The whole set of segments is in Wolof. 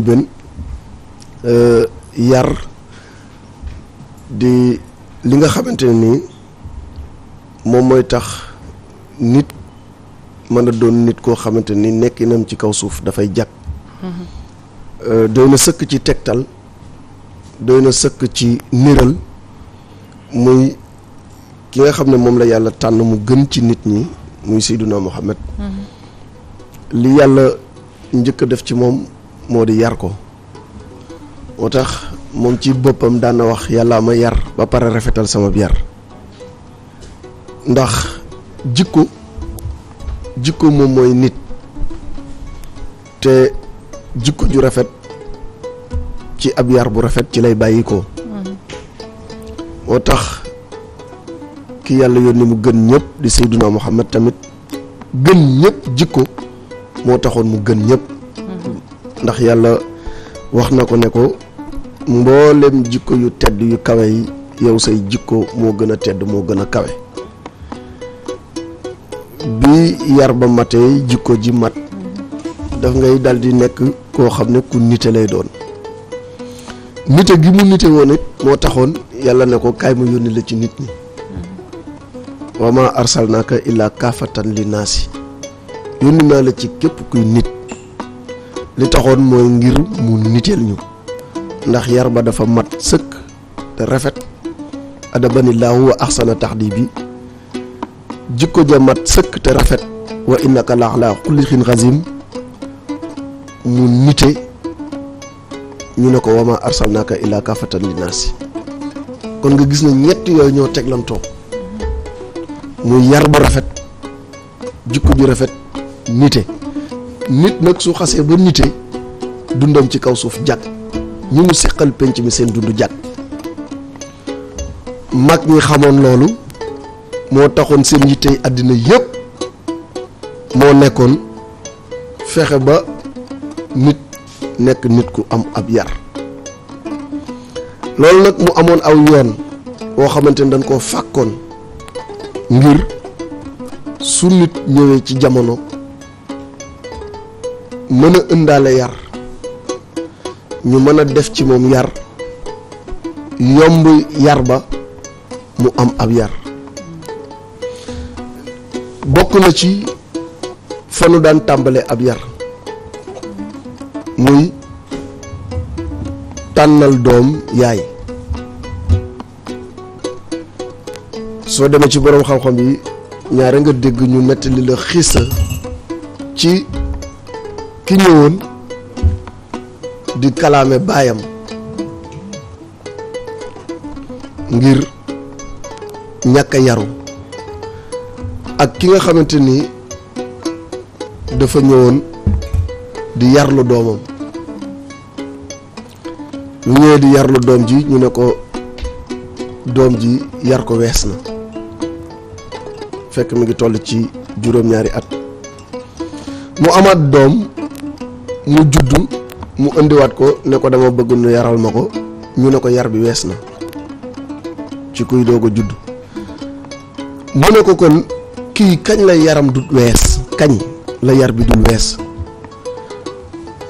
benn euh, yar di li nga xamante ne nii moom mooy tax nit mën a doon nit koo xamante ni nekkinam ci kaw suuf dafay jag euh, doy na sëkk ci tegtal doy na sëkk ci niral muy ki nga xam ne moom la yàlla tànn mu gën ci nit ñi muy Seydina Muhammad mm-hmm. li yàlla njëkk a def ci moom moo di yar ko moo tax moom ci boppam daan na wax yàlla ma yar ba pare rafetal sama yar ndax jikko jikko moom mooy nit te jikko ju rafet ci ab yar bu rafet ci lay bàyyi ko moo tax ki yàlla yónni mu gën ñëpp di Seyduna Muhammad tamit gën ñëpp jikko moo taxoon mu gën ñëpp ndax yàlla wax na ko ne ko mboolem jikko yu tedd yu kawe yi yow say jikko moo gën a tedd moo gën a kawe bi yar ba matee jikko ji mat daf ngay dal di nekk koo xam ne ku nite lay doon nite gi mu nite woon it moo taxoon yàlla ne ko kaay ma yónni la ci nit ñi wa ma arsalnaaka illaa kaafatan li naasi yónni naa la ci képp kuy nit li taxoon mooy ngir mu niteel ñu ndax yar ba dafa mat sëkk te rafet adabanillaahu wa axsana taxdibi jikko ja mat sëkk te rafet wa innaka laaxlaa xulixin xasim mu nite ñu ne ko wama arsalnaka illa kaafatan linnaasi kon nga gis na ñett yooyu ñoo teglantoo muy yar bu rafet jikko ju rafet nite nit nag su xasee ba nitee dundam ci kaw suuf jag ñi mu seqal penc mi seen dund jag mag ñi xamoon loolu moo taxoon seen yittey àddina yëpp moo nekkoon fexe ba nit nekk nit ku am ab yar loolu nag mu amoon aw yoon woo xamante ne dañ koo fàkkoon ngir su nit ñëwee ci jamono mën a yar ñu mën a def ci moom yar yomb yar ba mu am ab yar bokk na ci fanu daan tàmbalee ab yar muy tànnal doom yaay soo demee ci boroom xam-xam yi ñaare nga dégg ñu nettali la xiisa ci ki ñëwoon di kalaame baayam ngir ñàkk yaru ak ki nga xamante ni dafa ñëwoon di yarlu doomam lu ñëwee di yarlu doom ji ñu ne ko doom ji yar ko wees na fekk mi ngi toll ci juróom-ñaari at mu amaat doom mu juddu mu indiwaat ko ne ko dama bëgg nu yaral ma ko ñu ne ko yar bi wees na ci kuy doog a juddu mu ne ko kon kii kañ la yaram du wees kañ la yar bi dul wees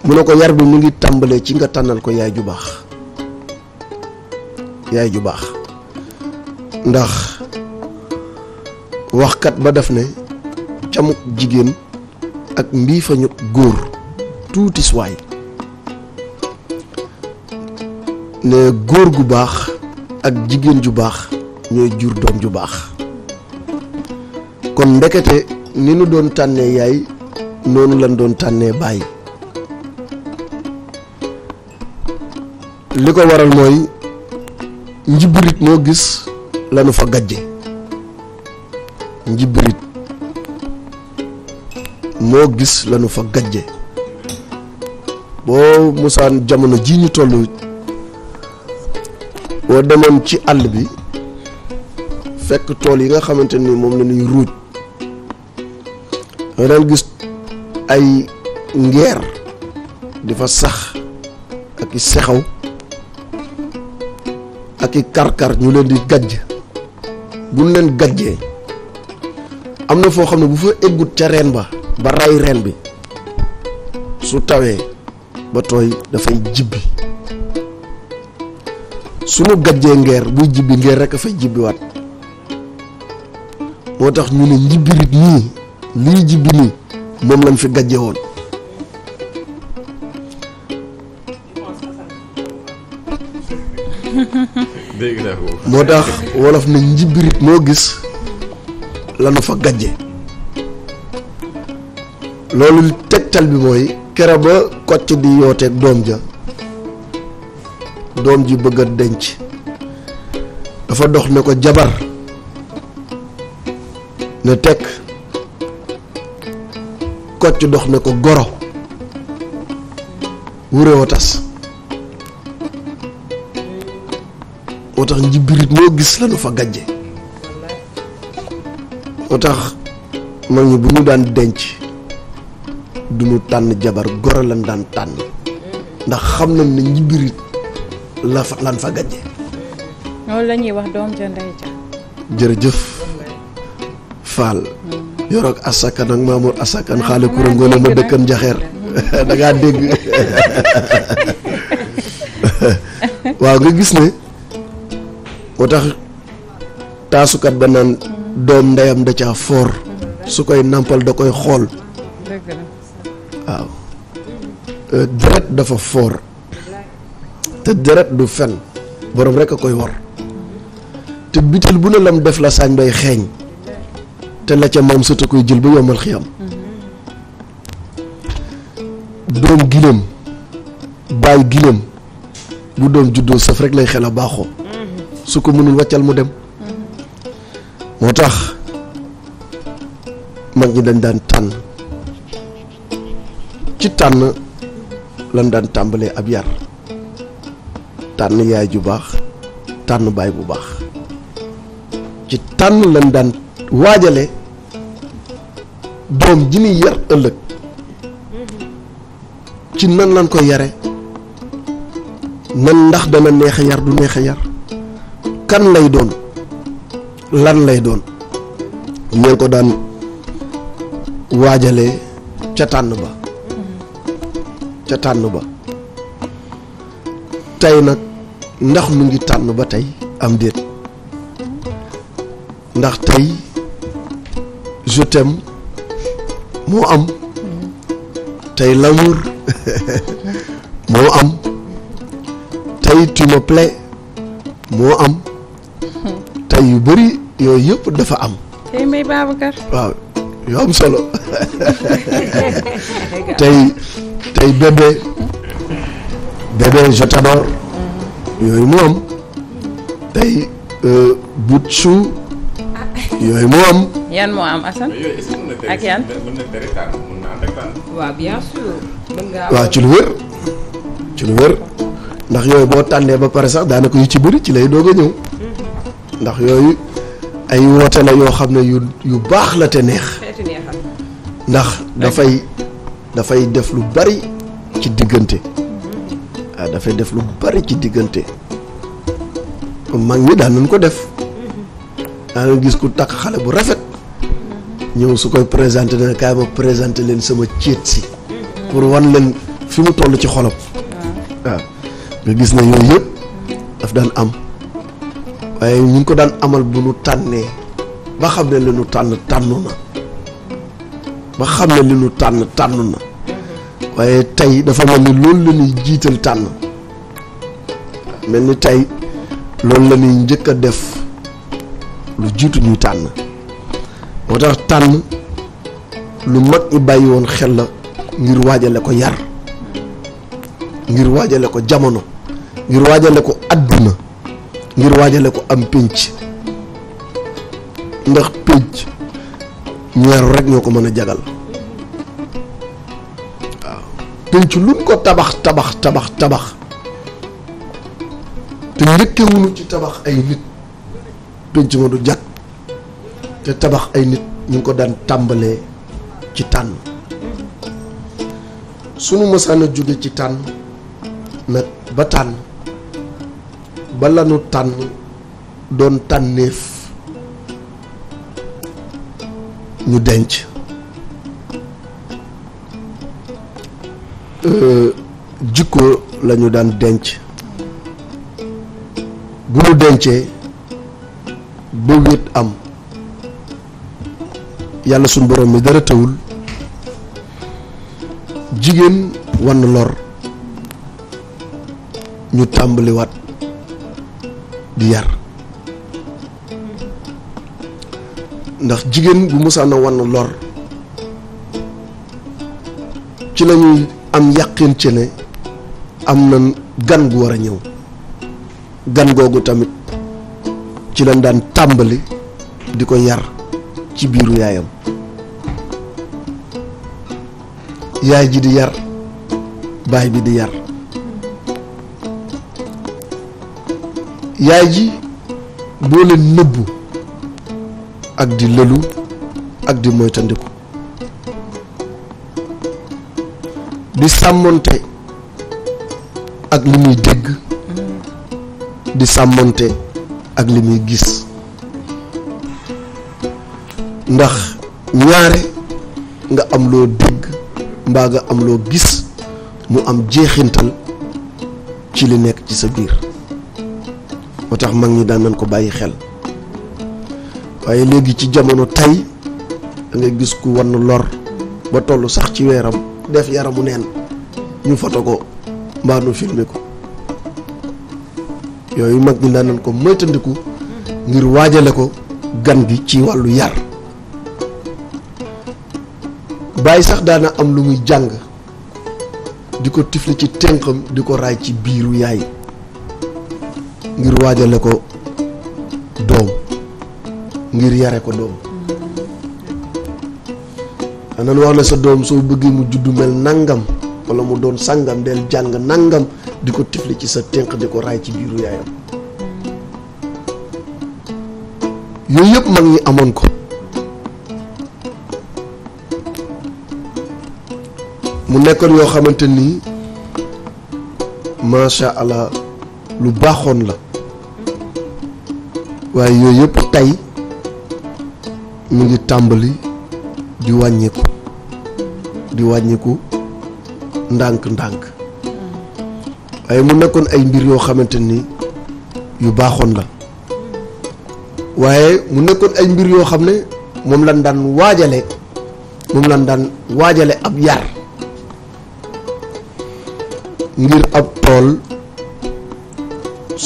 mu ne ko yar bi mu ngi tàmbalee ci nga tànnal ko yaay ju baax yaay ju baax ndax waxkat ba def ne camuk jigéen ak mbii fa ñu góor tuuti suwaay ne góor gu baax ak jigéen ju baax ñooy jur doom ju baax kon ndekete ni nu doon tànnee yaay noonu lañ doon tànnee baay li ko waral mooy njibbirit moo gis lanu fa gajje njibbirit moo gis lanu fa gajje boo musaan jamono ji ñu toll boo demoon ci àll bi fekk tool yi nga xamante ni moom la ñuy ruuj nga daan gis ay ngeer di fa sax ak i sexaw ak i karkar ñu leen di gajj buñ leen gajjee am na foo xam ne bu fa eggut ca reen ba ba ray reen bi su tawee ba tooy dafay jibbi sunu gajjee ngeer buy jibbi ngeer rek a fay jibbiwaat moo tax ñu ne njibbirit nii lii jibbi nii moom lañ fi gajje woon moo tax wolof ne njibbirit moo gis lanu fa gajje loolu tegtal bi mooy kere ba kocc di yooteeg doom ja doom ji bëgg a denc dafa dox ne ko jabar ne tekk kocc dox ne ko goro wure wa moo tax njibbirit moo gis la fa gajje moo tax mag ñi bu mu daan denc duñu tànn jabar goro lan daan tànn ndax xam na ne ñibbirit la fa lan fa gàjje loolu la ñuy yoroog asakan ak Mamour asakan xaale ah, kurangoone ma dëkkan jaxeer da dégg waaw nga gis ne moo tax taasukat ba naan hmm. doom ndeyam da caa foor hmm. su koy nàmpal da koy xool waaw euh, deret dafa foor te deret du fen borom rek a koy wor te bitil bu ne lam def la saañ bay xeeñ te la ca maam sota koy jël ba yombal xiyam doom giléem bàyyi giléem bu doom juddoo sëf rek lay xel a baaxoo su ko mënul wàccal mu dem moo tax mag ñi dañ daan tànn ci tànn lan daan tàmbalee ab yar tànn yaay ju baax tànn baay bu baax ci tànn lan daan waajale doom ji ni yar ëllëg ci nan lan ko yare nan ndax dana neex a yar du neex a yar kan lay doon lan lay doon ñeen ko daan waajale ca tànn ba ca tànn ba tey nag ndax mu ngi tànn ba tey am déet ndax tey je t'aime moo am tey l'amour moo am tey tu moo am tey yu bëri yooyu yëpp dafa am tey waaw yu solo tey ay bébé bébé je yooyu mu am tey euh, but chou yooyu mu am. yan ci lu wér ndax yooyu boo tànnee ba pare sax daanaka yu ci bëri ci lay doog a ñëw mm-hmm. ndax yooyu ay woote la yoo xam ne yu baax la te neex. ndax dafay dafay def lu bari ci diggante ah dafay def lu bari ci diggante mag ñi daan nañ ko def daa nga gis ku takk xale bu rafet ñëw su koy présente na kaay ma présenté leen sama céet si pour wan leen fi mu toll ci xolam waaw ah, nga gis na yooyu yëpp daf daan am waaye ñu ngi ko daan amal bu nu tànnee ba xam ne li tànn tànnu na ba xam ne li nu tànn tànnu na waaye tey dafa mel ni loolu la ñuy jiital tànn mel ni tey loolu la ñuy njëkk a def lu jiitu ñuy tànn moo tax tànn lu mag ñi bàyyi woon xel la ngir waajale ko yar ngir waajale ko jamono ngir waajale ko àdduna ngir waajale ko am pénc ndax pénc ñaar rek ñoo ko mën a jagal penc luñ ko tabax tabax tabax tabax te njëkkewuñu ci tabax ay nit penc ma du jag te tabax ay nit ñu ngi ko daan tàmbalee ci tànn sunu mësaan a jóge ci tànn nag ba tànn ba lanu tànn doon tànneef ñu denc Euh, jikkoo la ñu daan denc bu ñu dencee ba wét am yàlla suñ borom mi dara tawul jigéen wann lor ñu tàmbaliwaat di yar ndax jigéen bu musaana wann lor ci lañuy am yàqin ci ne am na gan gu war a ñëw gan googu tamit ci lañ daan tàmbali di ko yar ci biiru yaayam yaay ji di yar baay bi di yar yaay ji boo leen nëbbu ak di lëlu ak di moytandiku di sàmmonte ak li muy dégg di sàmmoonte ak li muy gis ndax ñaare nga am loo dégg mbaa nga am loo gis mu am jeexintal ci li nekk ci sa biir moo tax mag ñi daan nañ ko bàyyi xel waaye léegi ci jamono tey da gis ku wann lor ba tollu sax ci weeram def yaramu neen ñu foto ko mbaa nu filmé ko yooyu mag ñi daan ko moytandiku ngir waajale ko gan gi ci wàllu yar bàyyi sax daana am lu muy jàng di ko tifli ci tënkam di ko raay ci biiru yaay ngir waajale ko doom ngir yare ko doom nan wax la sa doom soo bëggee mu juddu mel nangam wala mu doon sàngam del jàng nangam di ko tifli ci sa tënk di ko raay ci biiru yaayam yooyu yëpp mag ñi amoon ko mu nekkoon yoo xamante nii macha allah lu baaxoon la waaye yooyu yëpp tey mu ngi tàmbali di wàññiku di wàññiku ndànk-ndànk waaye mu nekkoon ay mbir yoo xamante ni yu baaxoon la waaye mu nekkoon ay mbir yoo xam ne moom lan daan waajale moom lan daan waajale ab yar ngir ab tool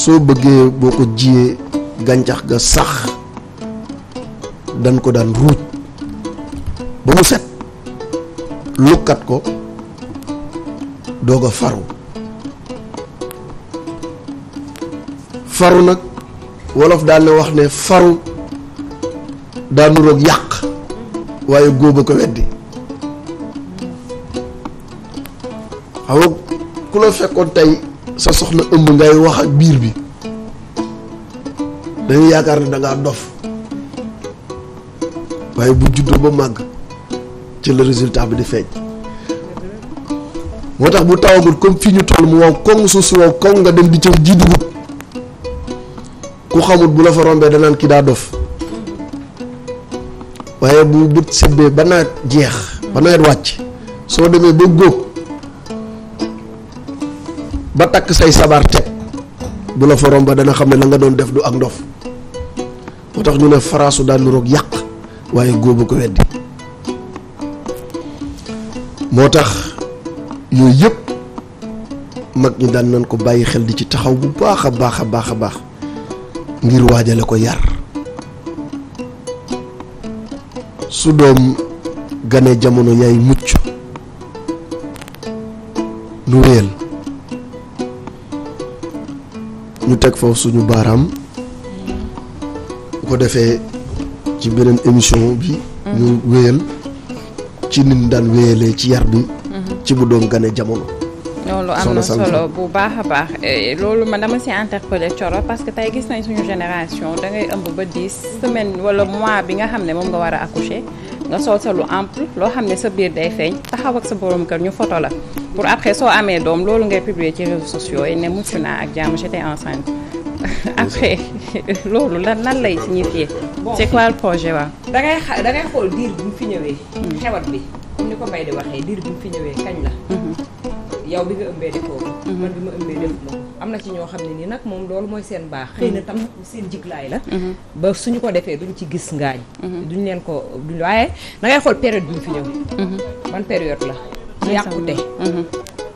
soo bëggee boo ko jiyee gàncax ga sax dañ ko daan ruuj ba mu set lukkat ko doo a faru faru nag wolof daan wax ne faru daanu roog yàq waaye góob a ko weddi xam nga ku la fekkoon tey sa soxna ëmb ngay wax ak biir bi dañuy yaakaar ne dangaa dof waaye bu juddoo ba màgg ci le résultat bi di feeñ moo tax bu tawagul comme fii ñu toll mu wow koŋ suuf si koŋ nga dem di cëw ji dugub ku xamul bu la fa rombee danaan kii daa dof waaye bu bët sebbee ba nawet jeex ba nawet wàcc soo demee ba góob ba takk say sabar teg bu la fa romb dana xam ne la nga doon def du ak ndof moo tax ñu ne faraasu daan lu roog yàq waaye góobu ko weddi moo tax yooyu yëpp mag ñi daan nañ ko bàyyi xel di ci taxaw bu baax a baax a baax a baax ngir waajale ko yar su doom gane jamono yaay mucc lu wéyal ñu teg foofu suñu baaraam bu ko defee ci beneen émission bi ñu wéyal ci ni mu daan wéyalee ci yar bi. Mhm. ci bu doon gane jamono. loolu am na solo bu baax a baax eh, loolu man dama si interpellé Thioro parce que tey gis nañ suñu génération dangay ngay ëmb ba dix semaine wala mois bi nga xam ne moom nga war a accoucher nga sol sa lu ample loo xam ne sa biir day feeñ taxaw ak sa borom kër ñu foto la pour après soo amee doom loolu ngay publier ci réseaux sociaux yi ne mucc naa ak jàmm j'étais enceinte après loolu lan lan lay signifier. bon c'est quoi le projet waaw. da ngay xa da xool diir bi mu fi ñëwee. Hmm. xewat bi comme ni ko Baye di waxee diir bi mu fi ñëwee kañ la. Hmm. yow bi nga ëmbee defoo ko. Hmm. man bi ma ëmbee def ko. am na ci ñoo xam ne nii nag moom loolu mooy seen baax. xëy na tam seen jiglaay la. ba su ñu ko defee duñ ci gis ngaañ. duñ leen ko duñ waaye da ngay xool période bi mu fi ñëw. ban période la. ci yàqute.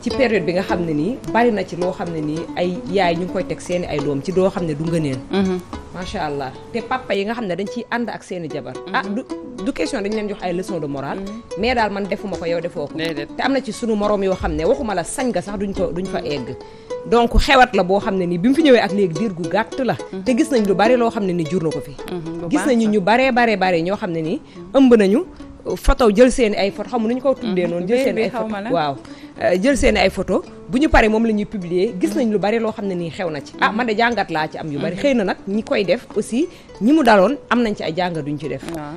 ci période bi nga xam ne nii bari na ci loo xam ne nii ay yaay ñu ngi koy teg seen ay doom ci doo xam ne du ngëneel. Mm-hmm. macha allah te papa yi nga xam ne dañ ciy ànd ak seen i jabar. Mm-hmm. ah du du question dañ leen jox ay leçon de morale. Mm-hmm. mais daal man defuma ko yow defoo ko. te am na ci sunu moroom yoo xam ne waxuma la sañ nga sax duñ ko duñ fa egg. donc xewat la boo xam ne nii bi mu fi ñëwee ak léegi diir gu gàtt la. te gis nañ lu bari loo xam ne ni jur na ko fi. gis nañu ñu baree baree baree ñoo xam ne ni ëmb nañu. foto jël seen ay photo xamu nañu ko tuddee noonu jël seen ah, ay photo waaw jël seen ay photo bu ñu paree moom la ñuy publier gis nañ lu bari loo xam ne nii xew na ci ah man de jàngat laa ci am yu bari mhm. xëy na nag ñi koy def aussi ñi mu daloon am nañ ci ay jàngat duñ ci def ah.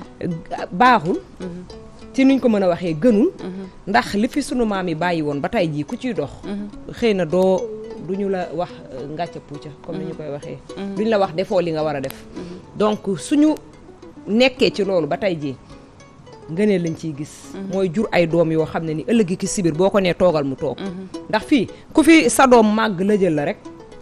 baaxul mhm. ci nuñ ko mën a waxee gënul mhm. ndax li fi suñu maam yi bàyyi woon ba tey jii ku ciy dox xëy na doo duñu la wax euh, ngàcca puuca comme ni ñu koy waxee duñ la wax defoo li nga war a def donc suñu nekkee ci loolu ba tey jii ngëneel lañ ciy gis. Mhm. mooy jur ay doom yoo xam ne ni ëllëg ki sibir boo ko nee toogal mu toog. Mhm. ndax fii ku fi sa doom màgg la jël la rek.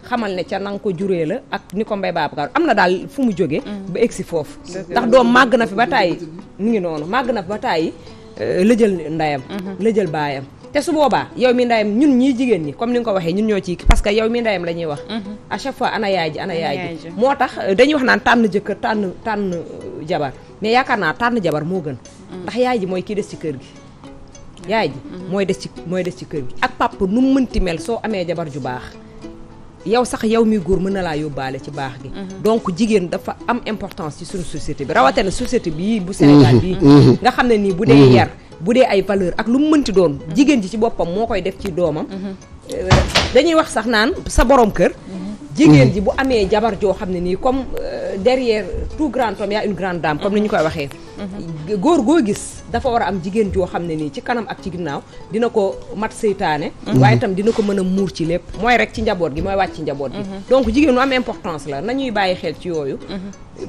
xamal ne ca nanga ko juree la ak ni ko mbay Babacar am na daal fu mu jógee. Mhm. ba si foofu. ndax doom màgg na fi ba tàyyi mu ngi noonu màgg na fi ba tàyyi euh, la jël ndayam. la jël baayam. te su boobaa yow mi ndayam ñun ñii jigéen ñi comme ni nga ko waxee ñun ñoo ci parce que yow mi ndayam la ñuy wax. à chaque fois ana yaay moo tax euh, dañuy wax naan tànn jëkkër tànn tànn euh, jabar mais yaakaar naa tànn jabar moo gën. ndax yaay ji mooy kii des ci kër gi yaay ji mooy des ci mooy des ci kër gi ak papa nu mënti mel soo amee jabar ju baax yow sax yow mi góor mën na laa yóbbaale ci baax bi mhm. donc jigéen dafa am importance ci suñu société bi rawatina société bi bu Sénégal bii mhm. Mhm. nga xam ne nii bu dee yar bu dee ay valeur ak lu mu mënti doon jigéen ji ci boppam moo koy def ci doomam euh, dañuy wax sax naan sa boroom kër jigéen mhm. ji bu amee jabar joo xam ne nii comme euh, derrière tout grand homme y une grande dame comme ni ñu koy waxee mhm. góor goo gis dafa war a am jigéen joo xam ne nii ci kanam ak ci ginnaaw dina ko mat seytaane mhm. waaye tam dina ko mën a muur ci lépp mooy rek ci njaboot gi mooy wàcc ci njaboot gi donc jigéen lu am importance la na ñuy bàyyi xel ci yooyu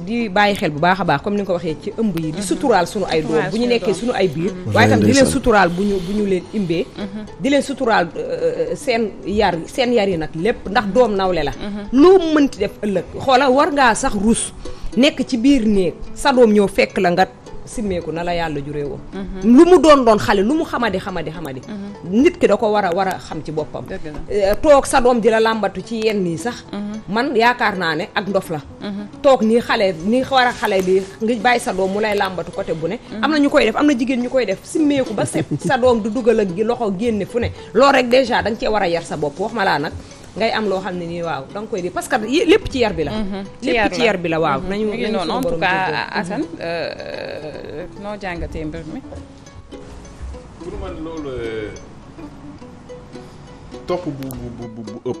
di bàyyi xel bu baax a baax comme ni nga ko waxee ci ëmb yi di suturaal sunu ay doom bu ñu nekkee sunu ay biir mm-hmm. waaye tam di leen suturaal bu ñu bu ñu leen imbee mm-hmm. di leen suturaal euh, euh, seen yar seen yar yi nag lépp ndax doom nawle la mm-hmm. loo mënti def ëllëg xoola war ngaa sax rus nekk ci biir néeg sa doom ñëw fekk la nga simmeeku na la yàlla juree woon mhm. lu mu doon doon xale lu mu xamadi xamadi xamadi mhm. nit ki da ko war a war a xam ci boppam eh, toog sa doom ji la làmbatu ci yenn nii sax mhm. man yaakaar naa ne ak ndof la toog nii xale nii war a xale bi nga bàyyi sa doom mu lay làmbatu côté bu ne am na ñu koy def am na jigéen ñu koy def simmeeku ba set sa doom du dugal ak loxo génne fu ne loolu rek dèjà da nga cee war a yar sa bopp wax ma laa nag ngay am loo xam ne nii waaw da nga koy di parce que lépp ci yar bi la. Mhm. lépp ci yar bi la waaw. Mhm. nañu nañu noonu en tout cas mhm. Assane euh, noo jàngatee mbir mi. pour man loolu euh, topp bu bu ëpp.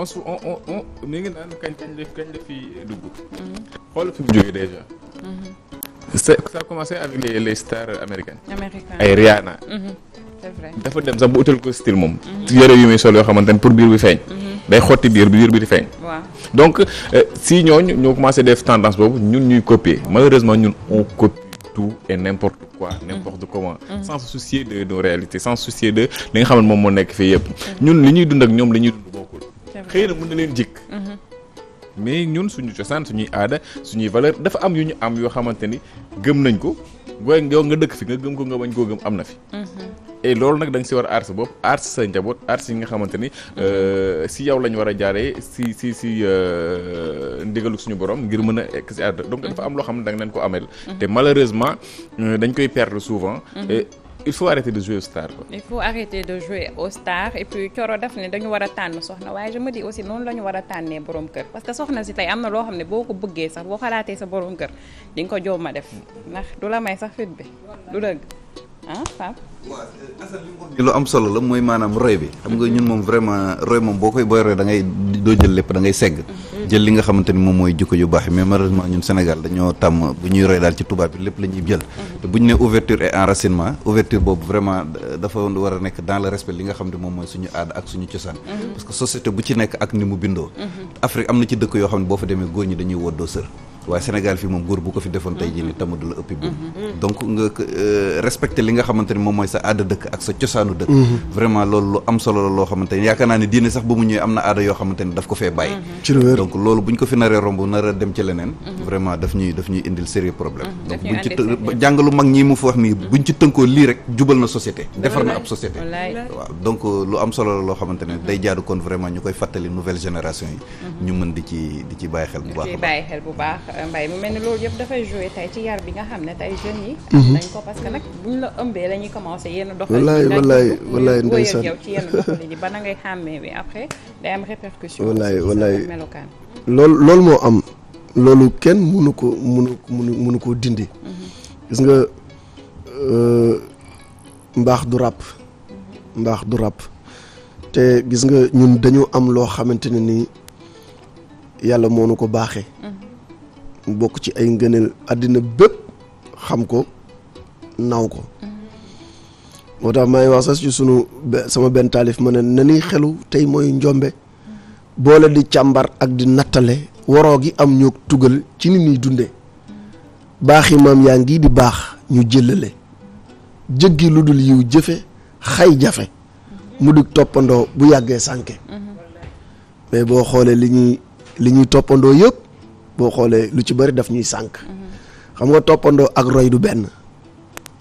on su on on on mi ngi naan kañ kañ la kañ la fi dugg. xool fi mu jógee déjà. ça a commencé avec les les stars ay Rihanna. c'est vrai dafa dem sax bu utal ko style moom. yére yu muy sol yoo xamante ne pour biir bi feeñ. Mhm. day xotti biir biir bi di feeñ. waaw donc euh, si ñooñu ñoo commencé def tendance boobu ñun ñuy copier malheureusement ñun on copie tout et n'importe quoi mhm. n'importe comment mhm. sans se soucier de nos réalités sans se de li nga xam moom moo nekk fii yëpp ñun li ñuy dund ak ñoom li ñuy dund bokkul xëy na mën na leen jikk mais ñun suñu cosaan suñuy aada suñuy valeur dafa am yu ñu am yoo xamante ni gëm nañ ko booy yow dëkk fi ko koo am fi loolu nag dañu si war a aar sa bopp aar sa njaboot aar si nga xamante ni euh, si yow lañ war a jaaree si si si euh, ndigalu suñu borom ngir mën a ekk si àdd donc dafa am loo xam ne da nga ko amel mhm. te malheureusement euh, koy perdre souvent mhm. il faut arrêter de jouer aux stars quoi. il de jouer aux stars et puis dañu war a tànn soxna waaye je me dis aussi noonu la ñu war a tànnee borom kër parce que soxna si tey am na loo xam ne boo ko bëggee sax boo xalaatee sa borom kër di nga ko joom ma def ndax du la may sax fit bi du dëgg ah Pape. lu solo la mooy maanaam roy bi xam nga ñun moom vraiment roy moom boo koy booy roy da ngay doo jël lépp da segg jël li nga xamante ni moom mooy jikko yu baax yi mais malheureusement ñun Sénégal dañoo tàmm bu ñuy roy daal ci tubaab la ñuy jël te bu ñu ne ouverture et enracinement ouverture boobu vraiment dafa war a nekk li nga xam moom mooy suñu aada ak suñu cosaan mhm. parce que mhm. am ne boo fa demee góor ñi dañuy woddoo sër waaye Sénégal fii moom góor bu ko fi mhm. euh, ni tamadu moom mooy sa aada dëkk ak sa cosaanu dëkk mhm. vraiment loolu lu am solo la loo xamante ni yaakaar naa ne diine sax ba mu ñëwee am na aada yoo xamante ni daf ko fee bàyyi mhm. donc loolu bu ñu ko fi naree romb nara dem ci leneen mhm. vraiment daf ñuy daf ñuy indil sérieux problème donc buñ ci mag ñi mu fi wax nii buñ ci tënkoo lii rek jubal na société defar na ab société donc euh, lu am solo la loo xamante ne day jaadu kon vraiment ñu koy fàttali nouvelle génération yi ñu mën di ci di bàyyi xel bu euh, yi am nañ ko parce que nag buñ dénoncé yenn doxalin. wallaay wallaay wallaay ndeysaan yow moo am loolu kenn mënu ko mënu mënu mënu koo dindi. Mhm. gis nga euh, mbaax du ràpp. mbaax du ràpp te gis nga ñun dañu am loo xamante ne nii yàlla moo nu ko baaxee. Mhm. bokk ci ay ngëneel àddina bépp xam ko naw ko. Mhm. moo tax maa ngi wax sa su sunu sama benn taalif ma ne na ni xelu tey mooy njombe boole di càmbar ak di nattale waroo gi am ñoo tugal ci ni muy dunde baaxi maam yaa ngi di baax ñu jëlale jëggi lu dul yiw jëfe xay jafe mu di toppandoo bu yàggee sànke mais boo xoolee li li ñuy toppandoo yëpp boo xoolee lu ci bari daf ñuy sànk mm-hmm. xam nga toppandoo ak roy du benn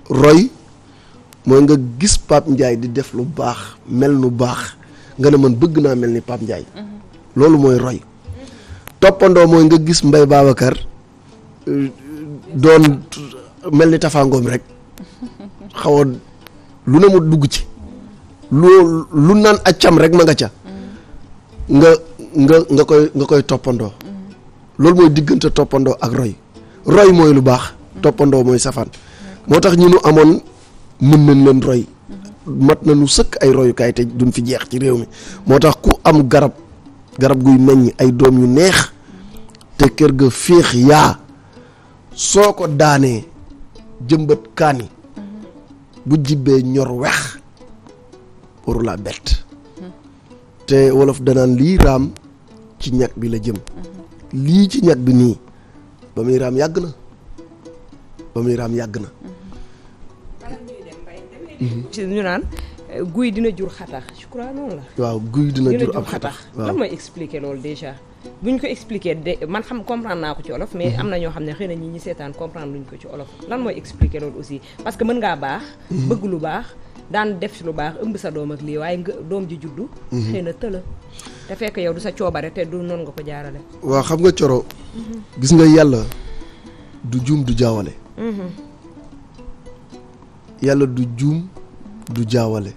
roy mooy nga gis Pape Ndiaye di def lu baax mel nu baax nga ne man bëgg naa mel ni Pape Ndiaye mm-hmm. loolu mooy roy toppandoo mooy nga gis Mbaye Babacar euh, doon mel ni tafaangoom rek xaw a lu ne mu dugg ci lu lu naan accam rek ma nga ca mm-hmm. nga nga nga koy nga koy toppandoo mm-hmm. loolu mooy diggante toppandoo ak roy roy mooy lu baax toppandoo mooy safaan moo tax ñi nu amoon mën nañ leen roy mat nañu sëkk ay royukaay te duñ fi jeex ci réew mi moo tax ku am garab garab guy meññ ay doom yu neex te kër ga féex yaa soo ko daanee jëmbët kaani bu jibbee ñor wex waru laa bett te wolof danaan lii raam ci ñag bi la jëm lii ci ñag bi nii ba muy raam yàgg na ba muy raam yàgg na ci ñu naan euh, guy dina jur xatax je crois noonu la. waaw guy dina jur ab xatax lan mooy expliquer loolu déjà. bu ñu ko expliquer de man xam comprendre naa ko ci olof. mais mhm. am na ñoo xam ne xëy na ñi ñi seetaan comprendre luñ ko ci olof lan mooy expliquer lool aussi parce que mën ngaa baax. Mhm. bëgg lu baax daan def ci lu baax ëmb sa doom ak lii waaye nga doom ji juddu. Mhm. xëy na tëla te fekk yow du sa coobare te du noonu nga ko jaarale. waaw xam nga coro. gis nga yàlla du juum du jaawale. yàlla du juum du jaawale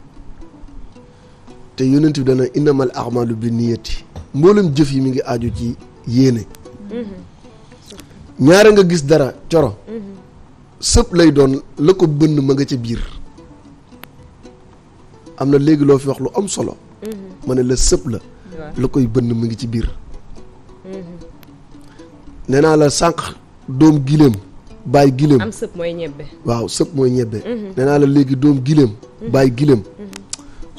te yonent bi dana innamal a'malu bi niyati mboolem jëf yi mu ngi aju ci yéene ñaara nga gis dara coro sëpp lay doon la ko bënn ma nga ca biir am na léegi loo fi wax lu am solo ma ne la sëpp la la koy bënn mu ngi ci biir mhm. nee naa la sànq doom gileem bàyyi gileem. am sëb mooy ñebbe. waaw sëb mooy ñebbe. Mhm. nee naa la léegi doom gileem. Mhm. bàyyi gileem. Mhm.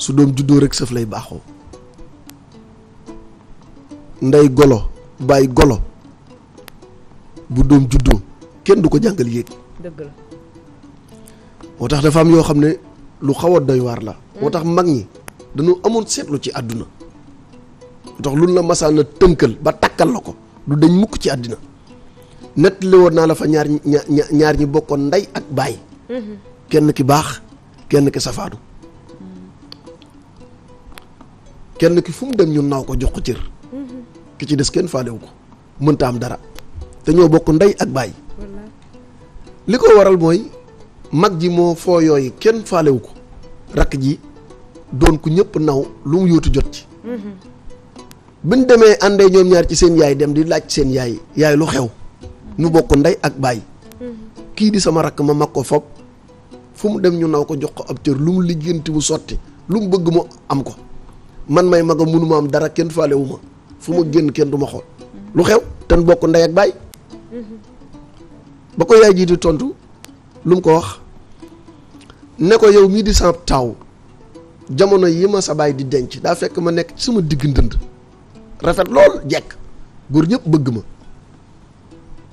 su doom juddoo rek sëf lay baaxoo. ndey golo bàyyi golo bu doom juddoo kenn du ko jàngal yéeg. moo tax dafa am yoo xam ne lu xaw a doy waar la. moo tax mag ñi dañu amoon seetlu ci àdduna. moo tax lu la masaan a tënkal ba takkal la ko du dañ mukk ci àddina. nettali woon naa la fa ñaar ñaar ñi bokkoon ndey ak baay mhm. kenn ki baax kenn ki safaadu kenn ki fu mu dem ñu naw ko jox ko cër mhm. ki ci des kenn faalewu ko mënta am dara te ñoo bokk ndey ak baay li ko waral mooy mag ji moo foo yooyu kenn faalewu ko rakk ji doon ku ñëpp naw lu mu yóotu jot ci mhm. biñ demee àndee ñoom ñaar ci seen yaay dem di laaj seen yaay yaay lu xew ñu bokk ndey ak baay. kii di sama rakk ma mag ko fob fu mu dem ñu naw ko jox ko ab cër lu mu liggéenti mu sotti lu mu bëgg mu am ko man may maga munuma am dara kenn faale ma fu ma génn kenn du ma lu xew te nu bokk ndey ak baay. ba ko yaay ji tontu lu mu ko wax ne ko yow mii di sa taaw jamono yi ma sa baay di denc daa fekk ma nekk ci suma digg ndënd rafet lool jekk góor ñépp bëgg ma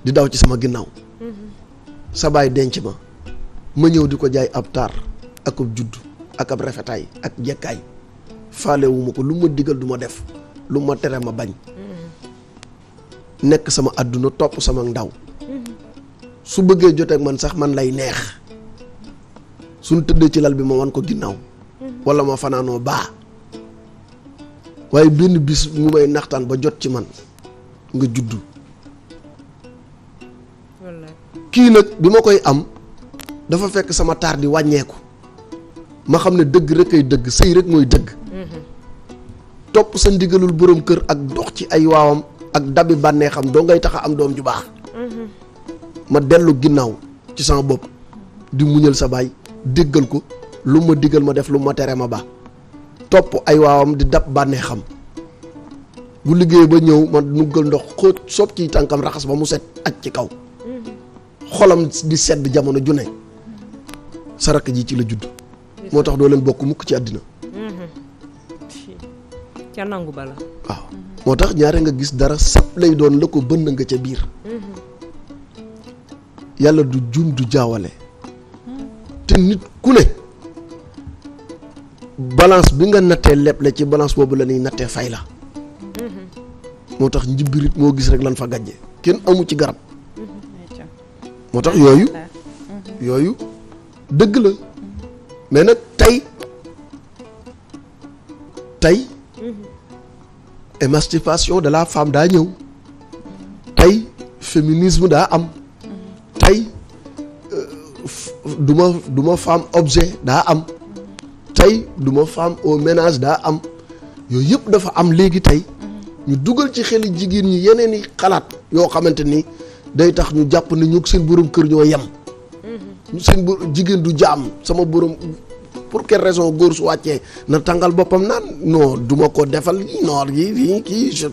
di daw ci sama ginnaaw mm-hmm. sa baay denc ma ma ñëw di ko jaay ab taar ak ab judd ak ab rafetaay ak jekkaay faalewuma ko lu ma digal du ma def lu ma tere ma bañ mm-hmm. nekk sama àdduna topp sama ndaw mm-hmm. su bëggee joteeg man sax man lay neex suñ tëddee ci lal bi ma wan ko ginnaaw wala ma fanaanoo baa waaye benn bis mu may naxtaan ba jot ci man nga juddu kii nag bi ma koy am dafa fekk sama taar di wàññeeku ma xam ne dëgg rek ay dëgg sëy rekk mooy dëgg mm-hmm. topp sa ndigalul borom kër ak dox ci ay waawam ak dabi bànneexam doo ngay tax am doom ju baax mm-hmm. ma dellu ginnaaw ci sama bopp di muñal sa baay déggal ko lu ma digal ma def lu ma tere ma baax topp ay waawam di dab bànneexam bu liggéey ba ñëw ma nuggal ndox xóot sob ciy tànkam raxas ba mu set ak ci kaw xolam di sedd jamono ju ne sa ji ci la judd moo tax doo leen bokk mukk ci àddina mhm. ca moo tax ñaare nga gis dara sab lay doon la ko bënn nga ca biir mhm. yàlla du juum du jaawale te nit ku ne balance bi nga nattee lépp la ci balance boobu la ñuy nattee fay la mhm. moo tax njibbirit moo gis rek lan fa gàjje kenn amu ci garab moo tax yooyu mhm. yooyu dëgg la mais nag tey tey mhm. émancipation de la femme daa ñëw tey féminisme daa am mhm. tey euh, duma ma du femme objet daa am tey duma ma femme au ménage daa am yooyu yëpp dafa am léegi tey ñu dugal ci xeli jigéen ñi yeneen i xalaat yoo xamante ni day tax ñu jàpp nañu ñu seen borom kër ñoo yem. Mhm. seen bu jigéen du jaam sama borom pour quelle raison góor su wàccee na tàngal boppam naan non duma ko defal noor yi fii kii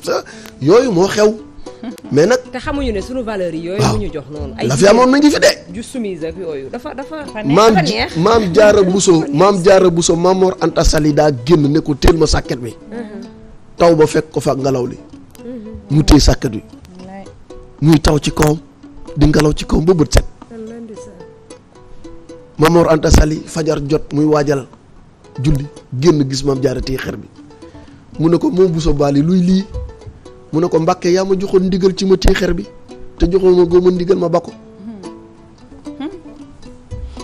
yooyu moo xew. mais nag te xamuñu ne sunu valeur yi yooyu ñu jox noonu. ay la fi amoon nañu fi de. ju soumise dafa dafa maam maam jaara Buso maam jaara Buso maam Mor Anta Sali daa génn ne ko téel ma sàkket bi. Mhm. taw ba fekk ko fa ngelaw li. Mhm. mu téye sàkket bi. ñuy taw ci kawam di ngelaw ci kawam ba bët set Mamor Anta Sali fajar jot muy waajal julli génn gis mam maam jaarati xer bi mu ne ko moom bu so baali luy lii mu ne ko mbàkke yaa ma joxoon ndigal ci ma téye bi te joxoon ma góoma ndigal ma bako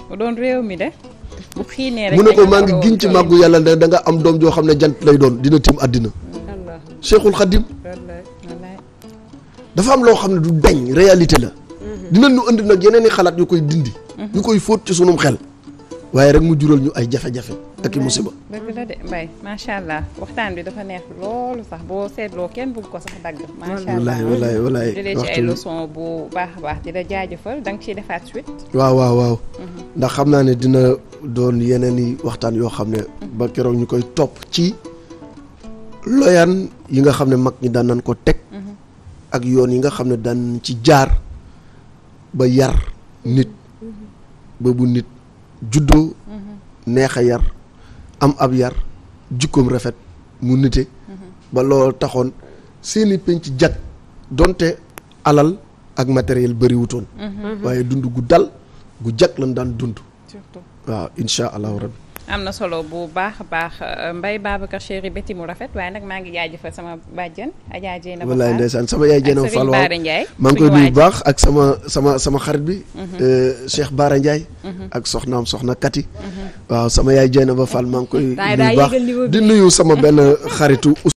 mu doon réew mi de bu xiinee mu ne ko maa ngi giñ ci màggu yàlla ne da am doom joo xam ne jant lay doon dina tiim àddina Cheikhul Khadim dafa am loo xam ne du dañ réalité la. Mhm. dinañu indi nag yeneen i xalaat yu koy dindi. Mhm. yu koy fóot ci sunum xel. waaye rek mu jural ñu ay jafe-jafe. ak i musiba. macha allah waxtaan bi dafa neex loolu sax boo seetloo kenn bëgg ko sax dagg. macha allah walaay walaay jëlee bu baax baax di la jaajëfal da nga ciy defaat waaw waaw waaw. Mhm. ndax xam naa ne dina doon yeneen i waxtaan yoo xam ne. ba keroog ñu koy topp ci. loyaan yi nga xam ne mag ñi daan nañ ko teg. ak yoon yi nga xam ne daan ci jaar ba yar nit ba nit juddoo neex a yar am ab yar jikkoom rafet mu nite ba loolu taxoon seeni penc jag donte alal ak matériel bëriwutoon mhm. waaye dund gu dal gu jag lañ daan dund waaw insha allahu rabbi am na solo bu baax a baax euh, Mbaye Babacar Chéri béti mu rafet waaye nag maa ngi jaajëfal sama bàjjen Adja Dieng. wallaay ndeysaan sama yaay Dieng Fall waaw maa sama sama sama xarit bi. Mhm. Euh, Cheikh Baara Ndiaye. Mhm. ak soxnaam soxna Kati. Mhm. waaw sama yaay Dieng Fall maa ngi koy. nuyu baax di nuyu sama benn xaritu.